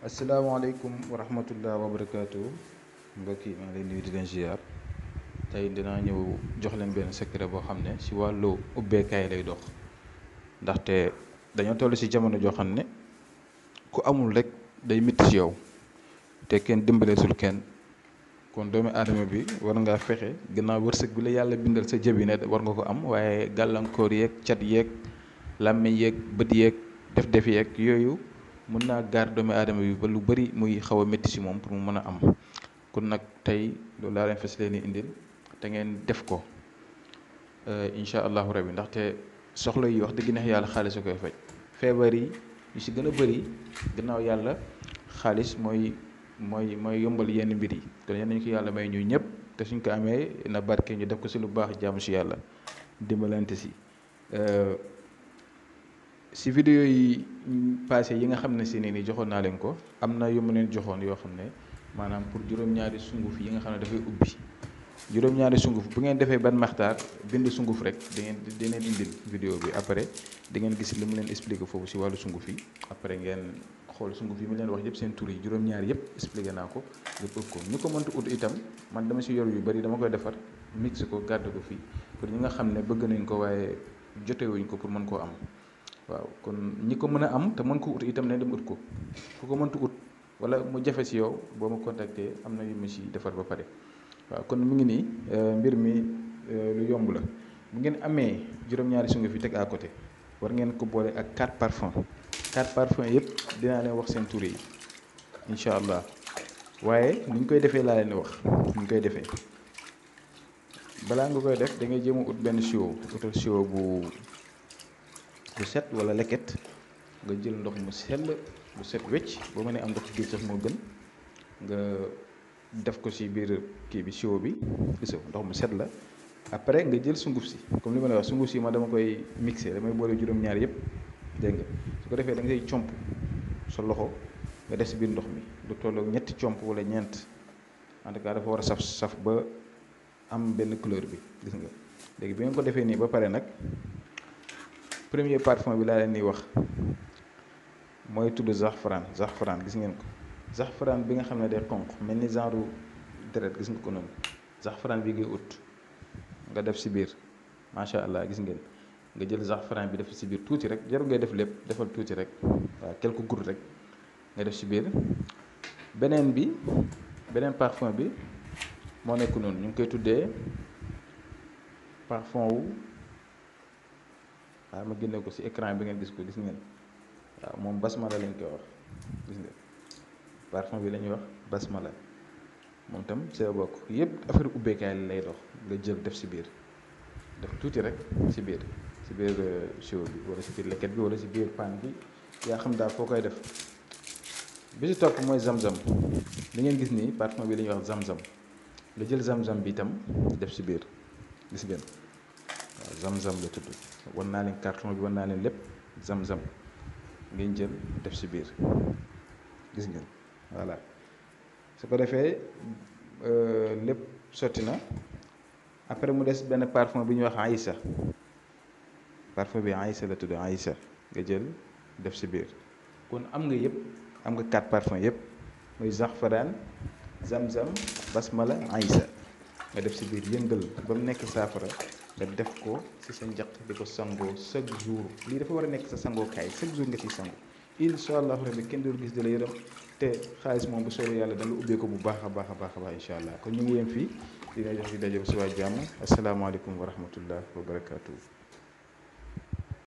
asalaamaaleykum wa rahmatullah wa barakaatu mbokk yi maa ngi leen di leen ziar tey dinaa ñëw jox leen benn secret boo xam ne si wàllu ubbeekaay lay dox ndaxte dañoo toll si jamono joo xam ne ku amul rek day métti si yow te kenn dimbaleetul kenn kon doomu aadama bi war nga fexe gannaaw wërsëg bi la yàlla bindal sa jëbi war nga ko am waaye gàllankoor yeeg cat yeeg làmmiñ yeeg bët yeeg def-def yeek yooyu. mën naa gaar doomu aadama bi ba lu bëri muy xaw a métti moom pour mu mën a am kon nag tey loolu laa leen fas leen indil te ngeen def ko euh, incha allahu rabi ndaxte soxla yu wax dëgg neex yàlla xaalis a koy faj feebar yi yu si gën a bëri gannaaw yàlla xaalis mooy mooy mooy yombal yenn mbir yi kon yal nañu ko yàlla may ñu ñëpp te suñ ko amee na barke ñu def ko si lu baax jaamu si yàlla dimbalante si. si vidéo yi passé yi nga xam si ni joxoon naa leen ko am na yu mu leen joxoon yoo xam manam maanaam pour juróom-ñaari sunguf yi nga xam ne dafay ubbi juróom-ñaari sunguf bu ngeen defee ban maxtaar bind sunguf rek da ngeen di leen indil vidéo bi après di ngeen gis li mu leen expliqué foofu si wàllu sunguf yi après ngeen xool sunguf yi mu leen wax yëpp seen tur yi juróom-ñaari yëpp expliqué naa ko yëpp ëpp ko ñu ko ut itam man dama si yor yu bari dama koy defar mix ko gàdd ko fii pour ñi nga xam ne bëgg nañ ko waaye jotewuñ ko pour mën ko am waaw kon ñi ko mën a am te mën ko ut itam ne dem ut ko ku ko mëntu ut wala mu jafe si yow boo ma contacter am na yu mu si defar ba pare waaw kon mu ngi nii euh, mbir mi euh, lu yomb la bu ngeen amee juróom-ñaari sunguf teg à côté war ngeen ko boole ak quatre parfums quatre parfums yëpp dinaa leen wax seen tur yi incha allah waaye ni ñu koy defee laa leen wax ni ñu koy defee balaa nga koy def da ngay jéem ut benn siwo utal siwo bu. bu set wala leket nga jël ndox mu sell bu set wecc boo mënee am ndox ci géej sax moo gën nga def ko ci biir kii bi siwo bi gis ndox mu set la après nga jël sunguf si comme li ma la wax sunguf si ma dama koy mixé damay boole juróom-ñaar yépp dégg nga su ko defee da ngay comp sa loxo nga def si biir ndox mi du tolloog ñetti comp wala ñeent en tout cas dafa war a saf saf ba am benn couleur bi gis nga léegi bi nga ko defee nii ba pare nag premier parfum bi la leen ni wax mooy tudd zaxfaraan zaxfaraan gis ngeen ko zaxfaraan bi nga xam ne day xonq mel ni genre deret gis nga ko noonu zaxfaraan bi ngay ut nga def si biir macha allah gis ngeen nga jël zaxfaraan bi def si biir tuuti rek jarul ngay def lépp defal tuuti rek waaw quelque gouttes rek nga def si biir beneen bi beneen parfum bi moo nekk noonu ñu ngi koy tuddee parfum wu. xaaral ma génne ko si écran bi ngeen gis ko gis ngeen waaw moom basmala lañ koy wax gis ngeen parfum bi lañuy wax wax basmala moom itam see bokk yëpp affaire ubbeekaay lay dox la jël def si biir def tuuti rek si biir si biir euh, show bi wala si biir leket bi wala ci biir paan bi yaa xam daal foo koy def bi si topp mooy zam-zam li ngeen gis nii parfum bi lañuy ñuy wax zam-zam nga jël zam-zam bi itam def si biir gis ngeen. zam-zam la tudd wan naa leen carton bi wan naa leen lépp zam-zam ngeen jël def ci biir gis ngeen voilà su ko defee euh, lépp sotti na après mu des benn parfum bi ñuy wax Aïssa parfum bi Aïssa la tudd Aïssa nga jël def ci biir kon am nga yëpp am nga quatre parfum yëpp muy zafaraan zam-zam basmala Aïssa nga def ci biir yëngal ba mu nekk saafara nga def ko ci sa njaq di ko sangoo chaque jour lii dafa war a nekk sa sangookaay chaque jour nga ciy sangu incha allahu rabbi kenn du gis di la yërëm te xaalis moom soo soobee yàlla danga ubbee ko bu baax a baax a baax a baax incha allah kon ñu ngi yem fii dina jox di daje ba subaa jàmm asalaamaaleykum wa rahmatullah wa barakaatu.